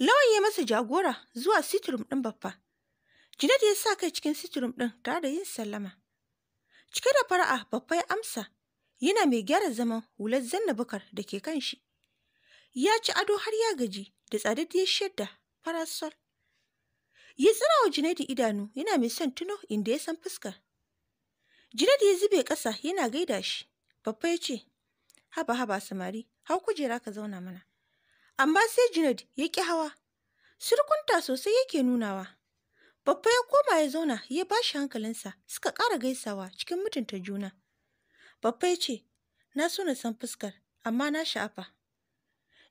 Lawan ya masa jagora zuwa sitirum ɗin babba. Jinad ya sa kai cikin sitirum ɗin tare da yin sallama. Cike da fara'a babba ya amsa yana mai gyara zaman hular zannabukar da ke kan shi. Ya ci ado har ya gaji da tsadaddiyar shadda farasol. Ya tsira wa jinadi idanu yana mai son tuno inda ya san fuska. Junaidu ya zube ƙasa yana gaida shi. Babba ya ce, Haba haba samari, hau kujera ka zauna mana. amma sai Junaid ya ƙi hawa. Surkunta sosai yake nunawa. Babba ya koma ya zauna ya ba shi hankalinsa suka ƙara gaisawa cikin mutunta juna. Babba ya ce, Na so na san fuskar, amma na sha'afa.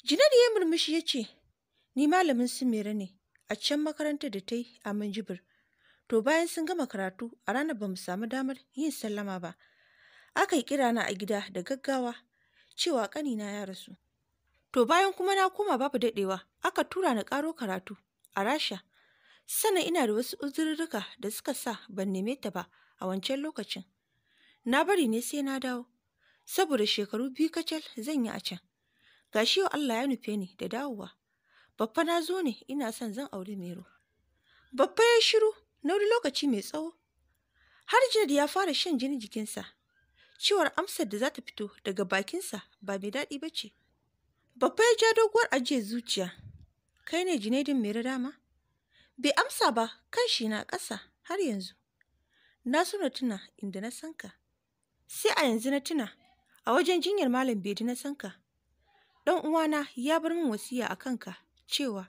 Junaid ya murmushi ya ce, Ni malamin su ne a can makarantar da ta yi a Minjibir. To bayan sun gama karatu a ranar ba mu samu damar yin sallama ba. Aka yi kirana a gida da gaggawa cewa ƙanina ya rasu. To bayan kuma na koma babu daɗewa, aka tura ni ƙaro karatu a Rasha. Sannan ina da wasu uzurruka da suka sa ban neme ta ba a wancan lokacin. Na bari ne sai na dawo, saboda shekaru biyu kacal zan yi a can. Gashi yau Allah ya nufe ni da dawowa. Baffa na zo ne ina son zan auri Mero. Baffa ya shiru na wani lokaci mai tsawo. Har ya fara shan jini jikinsa. Ciwar amsar da za ta fito daga bakinsa ba mai daɗi ba ce. babbar ya ja doguwar ajiyar zuciya. Kai ne jinadin mai dama? Bai amsa ba, kan shi na ƙasa har yanzu. Na so na tuna inda na san ka. Sai a yanzu na tuna, a wajen jinyar Malam Bedi na san ka. Ɗan uwana ya bar min wasiya a kanka cewa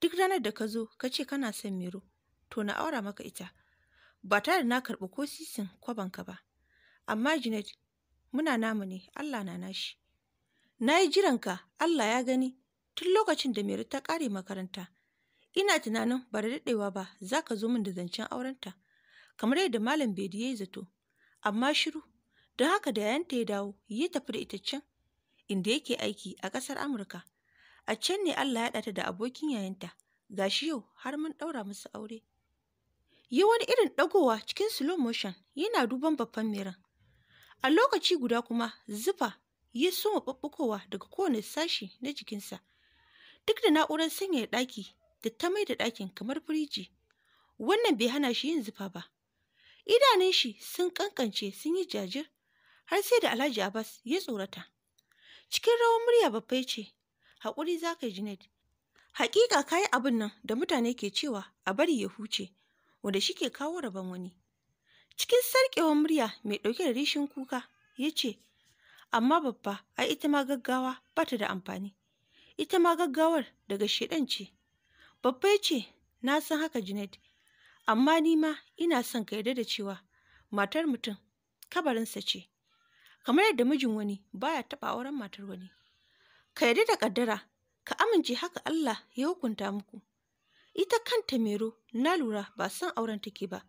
duk ranar da ka zo ka ce kana son Mero, to na aura maka ita. Ba tare na karɓi ko sisin kwabanka ba. Amma Junaid, muna namu ne, Allah na nashi. Na yi jiranka, Allah ya gani, tun lokacin da Mary ta kare makaranta. Ina tunanin ba da daɗewa ba za ka zo min da zancen aurenta, kamar yadda Malam Bedi ya yi zato. Amma shiru, don haka da yayanta ya dawo, ya tafi da ita can, inda yake aiki a ƙasar Amurka. A can ne Allah ya ɗata da abokin yayanta, ga shi yau har mun ɗaura musu aure. Yi wani irin ɗagowa cikin slow motion yana duban babban miran. A lokaci guda kuma zufa ya suma ɓaɓɓukowa daga kowane sashi na jikinsa duk da na'urar sanyaya ɗaki da ta mai da ɗakin kamar firiji wannan bai hana shi yin zufa ba idanun shi sun kankance sun yi jajir har sai da alhaji abbas ya tsorata cikin rawar murya babbai ce haƙuri za ka yi haƙiƙa ka yi abin nan da mutane ke cewa a bari ya huce wanda shi ke kawo rabon wani cikin sarƙewar murya mai ɗauke da rishin kuka ya ce amma babba ai ita ma gaggawa ba ta da amfani ita ma gaggawar daga shedan ce babba ya ce na san haka Junaid amma ni ma ina son ka yarda da cewa matar mutum kabarinsa ce kamar yadda mijin wani baya taɓa auren matar wani ka yarda da kaddara ka amince haka Allah ya hukunta muku ita kanta mero na lura ba san auren take ba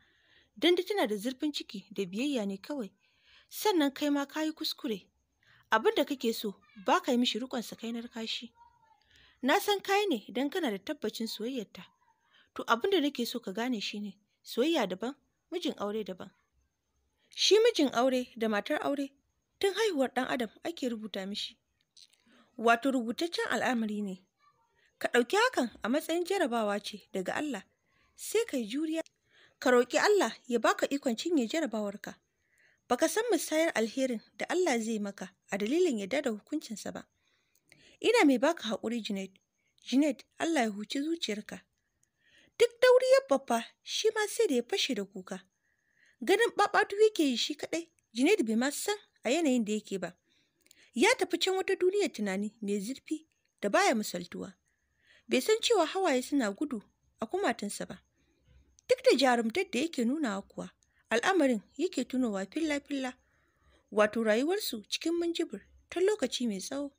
don tana da zurfin ciki da biyayya ne kawai sannan kai ma ka yi kuskure abin da kake so ba ka yi mishi rikon sakainar kashi na san kai ne idan kana da tabbacin soyayyarta to abin da nake so ka gane shi ne soyayya daban mijin aure daban shi mijin aure da matar aure tun haihuwar ɗan adam ake rubuta mishi wato rubutaccen al'amari ne ka ɗauki hakan a matsayin jarabawa ce daga Allah sai ka yi juriya ka roƙi Allah ya baka ikon cinye jarabawarka baka san musayar alherin da Allah zai maka a dalilin yadda da hukuncinsa ba ina mai baka haƙuri Junaid Junaid Allah ya huci zuciyarka duk dauriyar babba shi ma sai da ya fashe da kuka ganin babatu yake yi shi kaɗai Junaid bai ma san a yanayin da yake ba ya tafi can wata duniyar tunani mai zurfi da baya misaltuwa bai san cewa hawaye suna gudu a kumatinsa ba duk da jarumtar da yake nunawa kuwa al'amarin yake tunowa filla-filla wato rayuwarsu cikin minjibir ta lokaci mai tsawo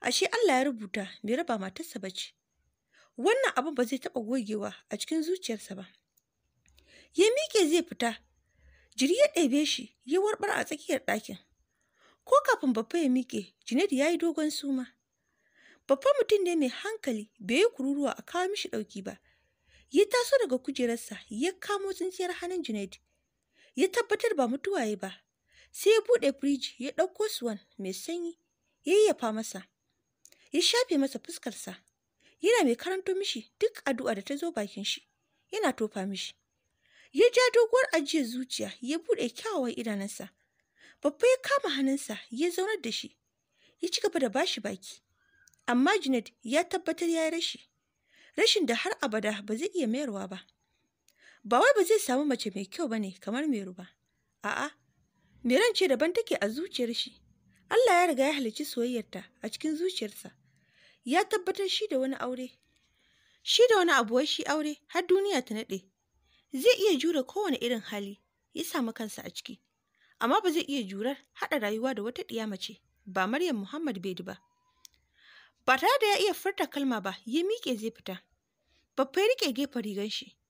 ashe Allah ya rubuta mai raba matarsa ba ce wannan abu ba zai taɓa gogewa a cikin zuciyarsa ba ya miƙe zai fita jiri ya ɗebe shi ya warɓar a tsakiyar ɗakin ko kafin babba ya miƙe Junaid ya yi dogon suma babba mutum ne mai hankali bai yi kururuwa a kawo mishi ɗauki ba ya taso daga kujerarsa ya kamo tsintsiyar hannun Junaid ya tabbatar ba mutuwa ya ba sai ya buɗe firiji ya ɗauko suwan mai sanyi ya yayyafa masa ya shafe masa fuskarsa yana mai karanto mishi duk addu'a da ta zo bakin shi yana tofa mishi ya ja doguwar ajiye zuciya ya buɗe kyawawan idanunsa babba ya kama hannunsa ya zaunar da shi ya ci gaba da bashi baki amma jinet ya tabbatar ya yi rashi rashin da har abada ba zai iya mayarwa ba ba wai ba zai samu mace mai kyau ba ne kamar Meru ba. a'a miran ce daban take a zuciyar shi Allah ya riga ya halicci soyayyarta a cikin zuciyarsa ya tabbatar shi da wani aure shi da wani abuwar shi aure har duniya ta naɗe zai iya jure kowane irin hali ya samu kansa a ciki amma ba zai iya jurar haɗa rayuwa da wata ɗiya mace ba Maryam Muhammad Bedi ba ba tare da ya iya furta kalma ba ya miƙe zai fita babba ya riƙe gefen rigan shi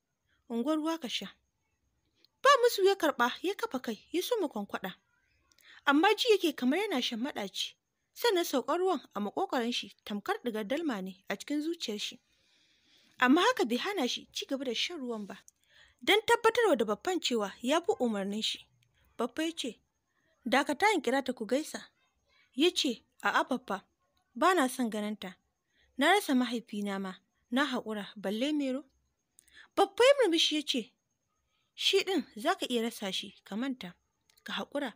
unguwar ruwa ka sha ba musu ya karɓa ya kafa kai ya so mu kwankwaɗa amma ji yake kamar yana shan maɗaci sannan saukar ruwan a makokarin shi tamkar daga dalma ne a cikin zuciyar shi amma haka bai hana shi ci gaba da shan ruwan ba don tabbatarwa da babban cewa ya bi umarnin shi babba ya ce dakata in kira ta ku gaisa ya ce a babba ba na son ganinta na rasa mahaifina ma na haƙura balle mero Babbai murmushi ya ce, Shi ɗin za ka iya rasa shi, ka manta, ka haƙura,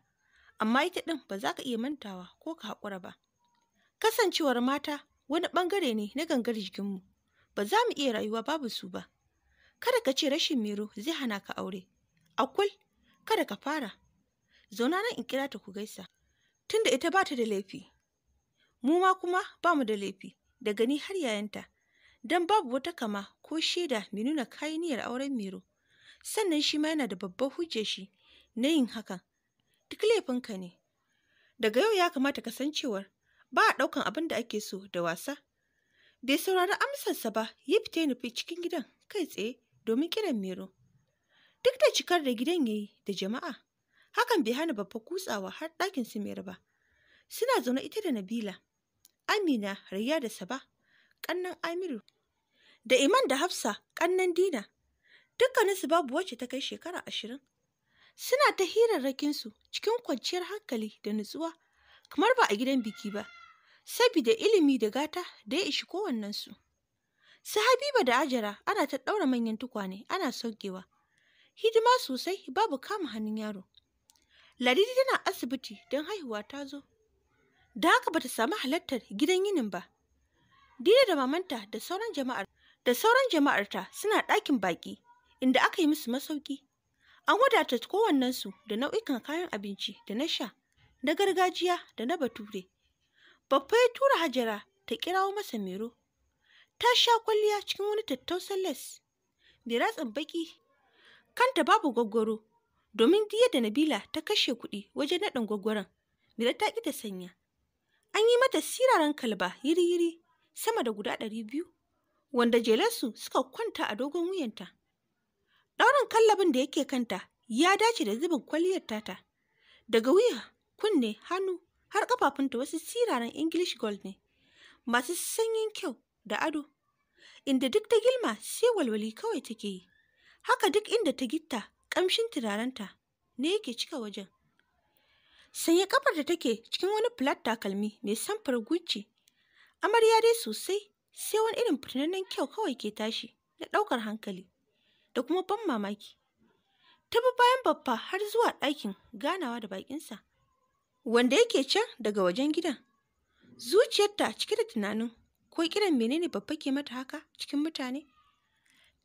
amma ita ɗin ba za ka iya mantawa ko ka haƙura ba. Kasancewar mata wani ɓangare ne na gangar jikinmu, ba za mu iya rayuwa babu su ba. Kada ka ce rashin miro zai hana ka aure, akwai kada ka fara. Zauna nan in kira ta ku gaisa, tunda ita ba ta da laifi. Mu ma kuma ba mu da laifi, daga ni har yayanta. don babu wata kama ko shaida mai nuna kayaniyar auren Mero. Sannan shi ma yana da babbar hujjar shi na yin hakan. Duk laifinka ne. Daga yau ya kamata ka san cewar ba a ɗaukan abin da ake so da wasa. Bai saurari amsarsa ba ya fita nufi cikin gidan kai tsaye domin kiran Mero. Duk da cikar da gidan ya yi da jama'a, hakan bai hana babba kutsawa har ɗakin su Mero ba. Suna zaune ita da Nabila, Amina, Rayya da Saba. ƙannan Amiru, da Iman da Hafsa ƙannan Dina, dukkaninsu babu wacce ta kai shekara ashirin. Suna ta hirarrakinsu cikin kwanciyar hankali da nutsuwa, kamar ba a gidan biki ba, sabida ilimi da gata da ya ishi kowannensu. Su Habiba da Ajara ana ta ɗaura manyan tukwane ana saukewa. Hidima sosai babu kama hannun yaro. Ladidi tana asibiti don haihuwa ta zo. Da haka bata samu halartar gidan yinin ba. Dina da mamanta da sauran jama'ar da sauran jama'arta suna ɗakin baƙi inda aka yi musu masauki. An wadata su da nau'ikan kayan abinci da na sha, na gargajiya da na bature. Babba ya tura Hajara ta kirawo masa mero. Ta sha kwalliya cikin wani tattausan les, da ratsin baki. Kanta babu gwaggwaro, domin diya da Nabila ta kashe kuɗi wajen naɗin gwaggwaron, Mira ta ƙi ta sanya. An yi mata siraran kalba yiri-yiri sama da guda ɗari biyu wanda jelarsu suka kwanta a dogon wuyanta. Ɗaurin kallabin da yake kanta ya dace da zubin kwalliyar tata. Daga wuya, kunne, hannu har ƙafafunta wasu siraran English gold ne, masu sanyin kyau da ado, inda duk ta gilma sai walwali kawai take yi. Haka duk inda ta gitta ƙamshin turarenta ne yake cika wajen. Sanya ƙafar da take cikin wani flat takalmi mai samfar Gucci Amarya dai sosai, sai wani irin fitinannen kyau kawai ke tashi na ɗaukar hankali da kuma ban mamaki. Ta bi bayan babba har zuwa ɗakin ganawa da baƙinsa, wanda yake can daga wajen gidan. Zuciyarta cike da tunanin ko kiran menene babba ke mata haka cikin mutane.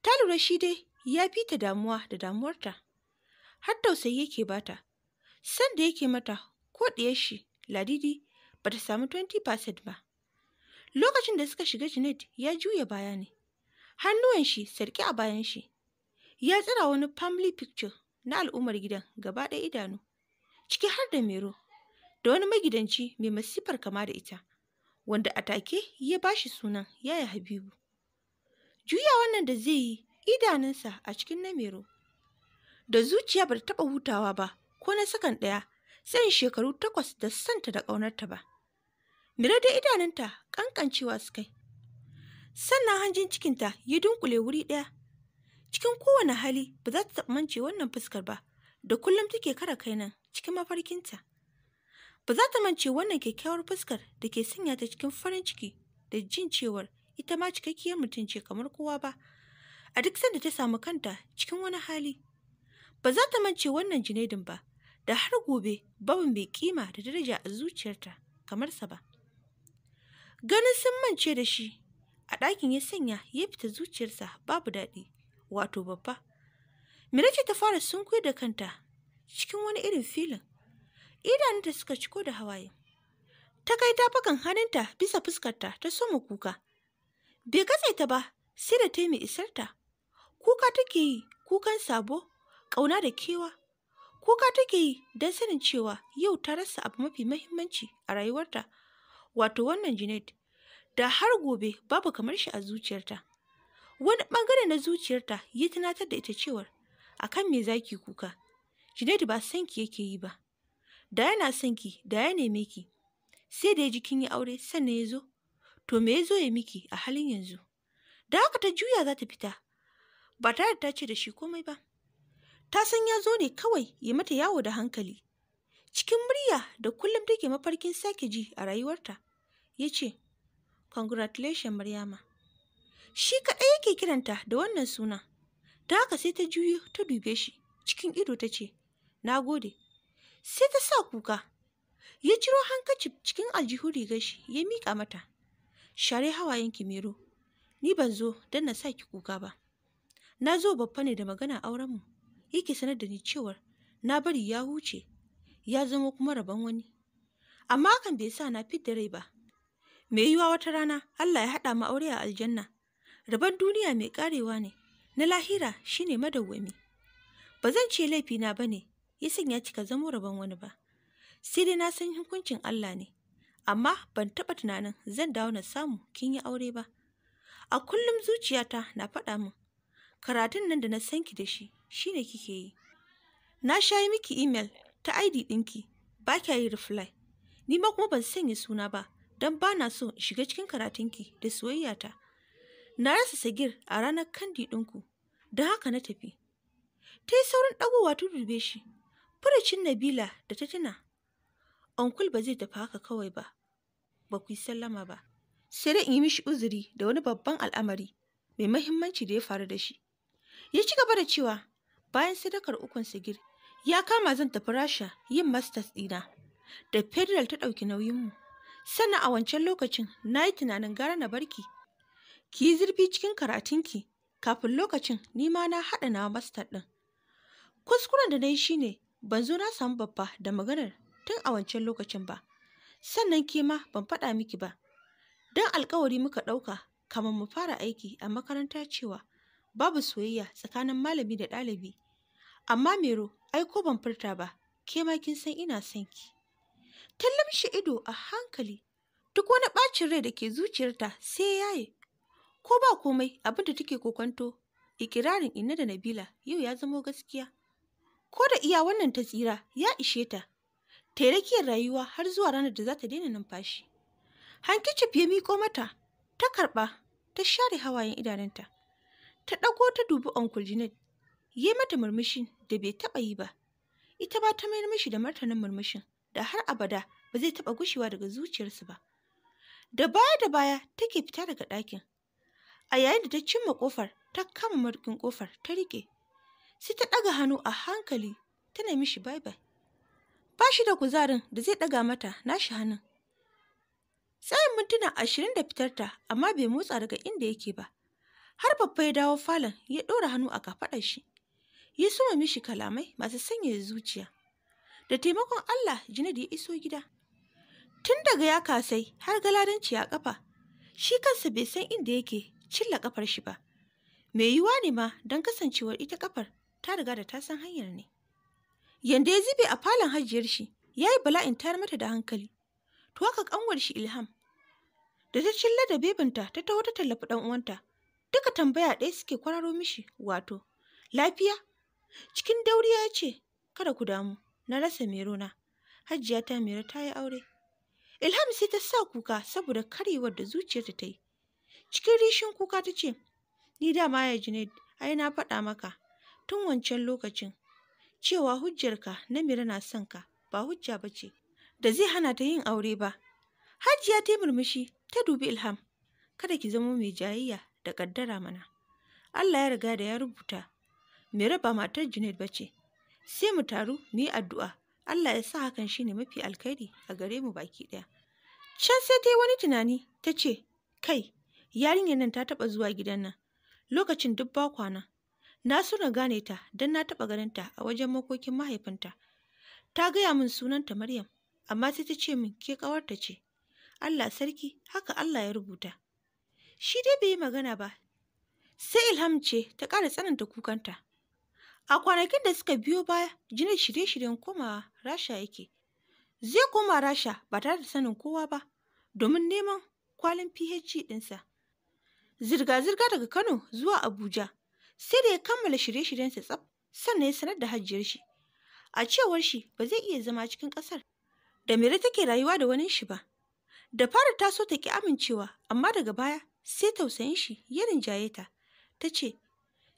Ta lura shi dai ya fi ta damuwa da damuwarta, har tausayi yake bata. Sanda yake mata ko ɗiyar shi Ladidi ba ta samu 20% ba. Lokacin da suka shiga Janet ya juya baya ne, hannuwan shi sarki a bayan shi. Ya tsira wani family picture na al'ummar gidan gaba ɗaya idanu, ciki har da Mero, da wani magidanci mai masifar kama da ita, wanda a take ya ba shi sunan yaya Habibu. Juya wannan da zai yi idanunsa a cikin na Mero, da zuciya ba ta taɓa hutawa ba ko na sakan ɗaya tsayin shekaru takwas da santa da ƙaunarta ba. da idanunta kankancewa su kai. Sannan hanjin cikinta ya dunkule wuri ɗaya. Cikin kowane hali ba za ta taɓa mance wannan fuskar ba, da kullum take kara kai nan cikin mafarkinta. Ba za ta mance wannan kyakkyawar fuskar da ke sanya ta cikin farin ciki da jin cewar ita ma cikakkiyar mutum ce kamar kowa ba. A duk sanda ta samu kanta cikin wani hali, ba za ta mance wannan jinaidin ba, da har gobe babu mai kima da daraja a zuciyarta kamar sa ba. ganin sun mance da shi a ɗakin ya sanya ya fita zuciyarsa babu daɗi wato babba mirace ta fara sunkuyar da kanta cikin wani irin filin idanunta suka ciko da hawaye ta kai ta fakan hannunta bisa fuskarta ta soma kuka bai katse ta ba sai da ta yi mai isarta kuka take yi kukan sabo ƙauna da kewa kuka take yi don sanin cewa yau ta rasa abu mafi mahimmanci a rayuwarta wato wannan Junaid, da har gobe babu kamar shi a zuciyarta. Wani ɓangare na zuciyarta ya tunatar da ita cewar, a kan me za zaki kuka, Junaid ba son ki yake yi ba. Da yana son ki, da ya neme ki, sai da ya ji kin yi aure sannan ya zo, to me ya zo ya miki a halin yanzu. Da haka ta juya za ta fita, ba tare da ta ce da shi komai ba. Ta san ya zo ne kawai ya mata yawo da hankali, cikin murya da kullum take mafarkin sake ji a rayuwarta ya ce congratulations maryama shi kaɗai yake kiranta da wannan suna ta haka sai ta juyo ta dube shi cikin ido ta ce na gode sai ta sa kuka ya ciro hankaci cikin aljihu rigar shi ya miƙa mata share hawayen kimero ni ban zo don na sa ki kuka ba na zo babba ne da magana aurenmu yake sanar da ni cewar na bari ya huce ya zama kuma rabon wani amma hakan bai sa na fidda rai ba mai yiwa wata rana Allah ya haɗa mu aure a aljanna rabon duniya mai karewa ne na lahira shine madawwami ba zan ce laifina ba ne ya sanya cika zamo rabon wani ba sai dai na san hukuncin Allah ne amma ban taɓa tunanin zan dawo na samu kin yi aure ba a kullum zuciyata na faɗa min karatun nan da na san ki da shi shine kike yi na sha miki imel ta ID ɗinki, ba kya yi reply. Ni ma kuma ban sanya suna ba, don ba na so in shiga cikin karatunki da soyayyata. Na rasa sagir a ranar kandi ɗinku, don haka na tafi. Ta yi saurin ɗagowa ta dube shi, furucin Nabila da ta tuna. Onkul ba zai tafi haka kawai ba, ba ku yi sallama ba. Sai dai in yi mishi uzuri da wani babban al'amari mai muhimmanci da ya faru da shi. Ya ci gaba da cewa bayan sadakar ukun sigir Ya kama zan tafi Rasha yin masters ɗina, da Federal ta ɗauki nauyinmu. Sannan a wancan lokacin na yi tunanin gara na barki. Ki yi zurfi cikin karatunki, kafin lokacin ni ma na haɗa na mastar ɗin. Kuskuren da na yi shine ban zo na samu babba da maganar tun a wancan lokacin ba. Sannan ke ma ban faɗa miki ba. Don alkawari muka ɗauka kamar mu fara aiki a makaranta cewa babu soyayya tsakanin malami da ɗalibi. Amma Mero ai ko ban furta ba ke ma kin san ina son ki ta lamshi ido a hankali duk wani bacin rai da ke zuciyarta sai yaye ko ba komai abin da take kokonto ikirarin inna da nabila yau ya zamo gaskiya ko da iya wannan ta tsira ya ishe ta ta rakiyar rayuwa har zuwa ranar da za ta daina numfashi hankicif ya miko mata ta karɓa ta share hawayen idanunta ta ɗago ta dubi onkul ya mata murmushin da bai taɓa yi ba. Ita ba ta mayar mishi da martanin murmushin da har abada ba zai taɓa gushewa daga zuciyarsu ba. Da baya da baya take fita daga ɗakin. A yayin da ta cimma ƙofar, ta kama markin ƙofar ta riƙe. Sai ta ɗaga hannu a hankali ta tana mishi bye-bye. Ba shi da kuzarin da zai ɗaga mata na shi hannun. Tsayin mintuna ashirin da fitarta amma bai motsa daga inda yake ba. Har babba ya dawo falon ya ɗora hannu a kafaɗar shi. ya suma mishi kalamai masu sanya zuciya da taimakon Allah da ya iso gida tun daga ya kasai har galadanci a kafa shi kansa bai san inda yake cilla kafar shi ba Me yiwa ne ma don kasancewar ita kafar ta riga da ta san hanyar ne yanda ya zube a falon hajiyar shi ya yi bala'in tayar mata da hankali to haka kanwar shi ilham da ta cilla da bebinta ta taho ta tallafi dan uwanta duka tambaya ɗaya suke kwararo mishi wato lafiya Cikin dauriya ya ce, Kada ku damu, na rasa merona. Hajiya ta mero ta yi aure. Ilham sai ta sa kuka saboda karewar da zuciyarta ta yi. Cikin rishin kuka ta ce, Ni dama ya ne. ai na faɗa maka tun wancan lokacin cewa hujjarka na mero na son ka ba hujja ba ce da zai hana ta yin aure ba. Hajiya ta yi murmushi ta dubi Ilham. Kada ki zama mai jayayya da ƙaddara mana. Allah ya riga da ya rubuta Mere raba matar Junaid ba ce. Sai mu taru mu yi addu'a. Allah ya sa hakan shi ne mafi alkhairi a gare mu baki ɗaya. Can sai ta yi wani tunani ta ce, Kai, yarinyar nan ta taɓa zuwa gidan nan. Lokacin duk ba kwana. Na so na gane ta don na taɓa ganin ta a wajen makokin mahaifinta. Ta gaya min sunanta Maryam, amma sai ta ce min ke ƙawarta ce. Allah sarki, haka Allah ya rubuta. Shi dai bai yi magana ba, sai Ilham ce ta ƙara tsananta kukanta. A kwanakin da suka biyo baya, Jinin shirye-shiryen komawa Rasha yake. Zai koma Rasha ba tare da sanin kowa ba domin neman kwalin PhD ɗinsa. Zirga-zirga daga Kano zuwa Abuja sai da ya kammala shirye-shiryensa tsaf sannan ya sanar da hajjiyar shi. A cewar shi ba zai iya zama cikin ƙasar da Mere take rayuwa da wani shi ba. Da fara taso ta ki amincewa amma daga baya sai tausayin shi ya rinjaye ta. Ta ce,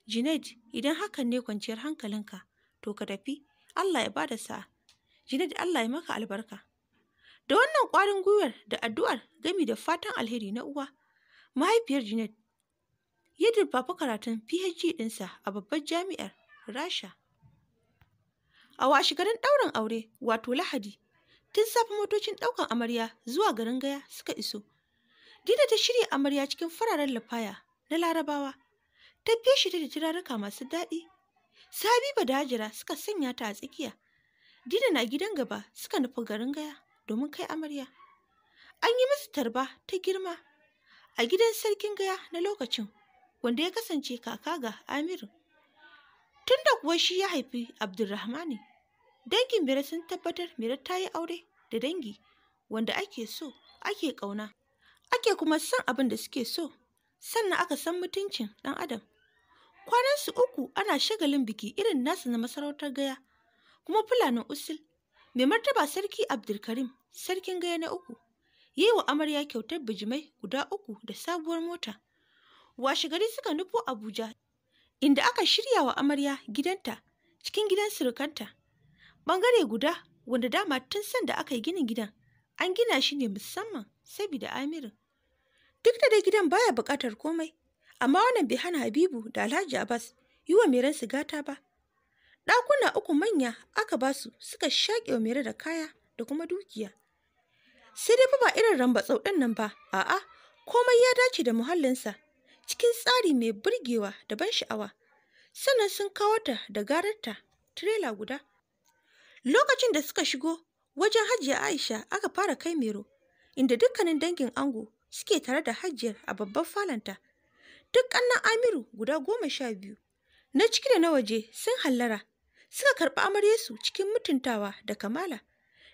Junaid, idan hakan ne kwanciyar hankalinka, to ka tafi, Allah ya bada sa'a. Junaid, Allah ya maka albarka. Da wannan ƙwarin gwiwar da addu'ar gami da fatan alheri na uwa, mahaifiyar Junaid ya durfafi karatun PhD ɗinsa a babbar jami'ar Rasha. A washi-garin ɗaurin aure, wato Lahadi, tun safe motocin ɗaukan amarya zuwa garin Gaya suka iso. Dina ta shirya amarya cikin fararen lafaya na Larabawa. ta shi ta da turaruka masu daɗi. Sabiba da Hajira suka sanya ta a tsakiya. Dina na gidan gaba suka nufi garin gaya domin kai amarya. An yi musu tarba ta girma a gidan sarkin gaya na lokacin wanda ya kasance kaka ga Amiru. Tunda kuwa shi ya haifi Abdulrahmani, dangin Mira sun tabbatar Mira ta yi aure da dangi wanda ake so, ake ƙauna, ake kuma son abin da suke so, sannan aka san mutuncin ɗan Adam. Kwanansu uku ana shagalin biki irin nasu na masarautar gaya, kuma fulanin usul, mai martaba sarki Abdulkarim, sarkin gaya na uku, yi wa amarya kyautar bijimai guda uku da sabuwar mota. Washe gari suka nufo Abuja, inda aka shirya wa amarya gidanta cikin gidan surukanta. Bangare guda wanda dama tun da aka yi ginin gidan, an gina shi ne musamman sabida Amiru. Duk da dai gidan baya buƙatar komai, amma wannan bai hana Habibu da Alhaji Abbas yi wa Miran su gata ba. Ɗakuna uku manya aka ba su suka shaƙe wa Mira da kaya da kuma dukiya. Sai dai fa ba irin rambatsau ɗin nan ba, a'a, komai ya dace da muhallinsa cikin tsari mai burgewa da ban sha'awa. Sannan sun kawo ta da gararta tirela guda. Lokacin da suka shigo wajen Hajiya Aisha aka fara kai Mero, inda dukkanin dangin ango suke tare da Hajiyar a babban falanta. duk ƙannan Amiru guda goma sha biyu, na ciki da na waje sun hallara, suka karɓi amaryarsu cikin mutuntawa da kamala.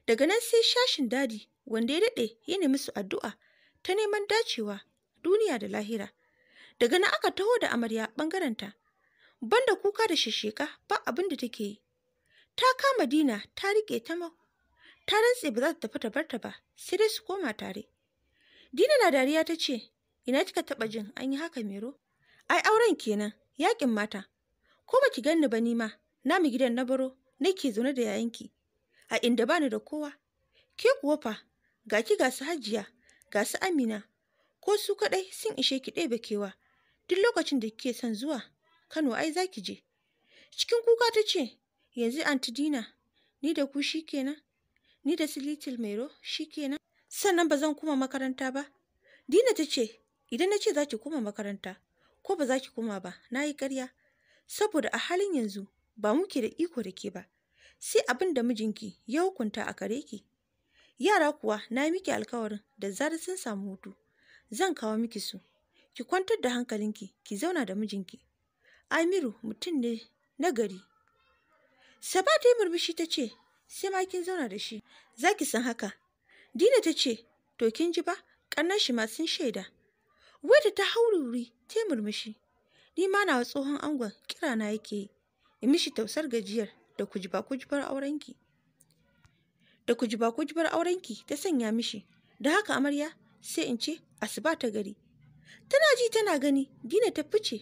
Daga nan sai shashin dadi wanda ya daɗe ya nemi su addu'a ta neman dacewa duniya da lahira. Daga nan aka taho da amarya ɓangarenta, banda kuka da shisheka ba abin da take yi. Ta kama dina ta riƙe ta mau, ta rantse ba za ta tafi ta barta ba sai dai su koma tare. Dina na dariya ta ce, Ina kika taɓa jin an yi haka Mero? Ai auren kenan, yaƙin mata. Ko ba ki ganni ba ni ma, namu gidan na baro, nake zaune da yayanki. A inda bani da kowa. Ke kuwa fa, ga ki ga su hajiya, ga su Amina. Ko su kadai sun ishe ki ɗebe kewa. Duk lokacin da kike son zuwa, Kano ai za ki je. Cikin kuka ta ce, yanzu anti Dina, ni da ku shi kenan. Ni da su Little Mero shi kenan. Sannan ba zan kuma makaranta ba. Dina ta ce, idan na ce za ki koma makaranta ko ba za ki koma ba na yi ƙarya saboda a halin yanzu ba muke da iko da ke ba sai abin da mijinki ya hukunta a kare ki yara kuwa na yi miki alkawarin da zarar sun samu hutu zan kawo miki su ki kwantar da hankalinki ki zauna da mijinki amiru mutum ne na gari saba ta yi murmushi ta ce sai ma kin zauna da shi za ki san haka dina ta ce to kin ji ba ƙannan shi ma sun shaida Wadda ta haururi ta murmushi. Ni ma nawa tsohon angon kira na yake yi, in mishi tausar gajiyar da kujiba-kujibar aurenki. Da kujiba-kujibar aurenki ta sanya mishi, da haka amarya sai in ce asuba ta gari. Tana ji tana gani dina ta fice,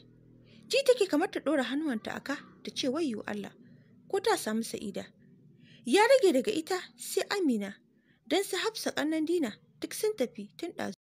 ji take kamar ta ɗora hannuwanta aka ta ce wayyo Allah ko ta samu sa'ida. Ya rage daga ita sai Amina don su hafsa ƙannan dina duk sun tafi tun ɗazu.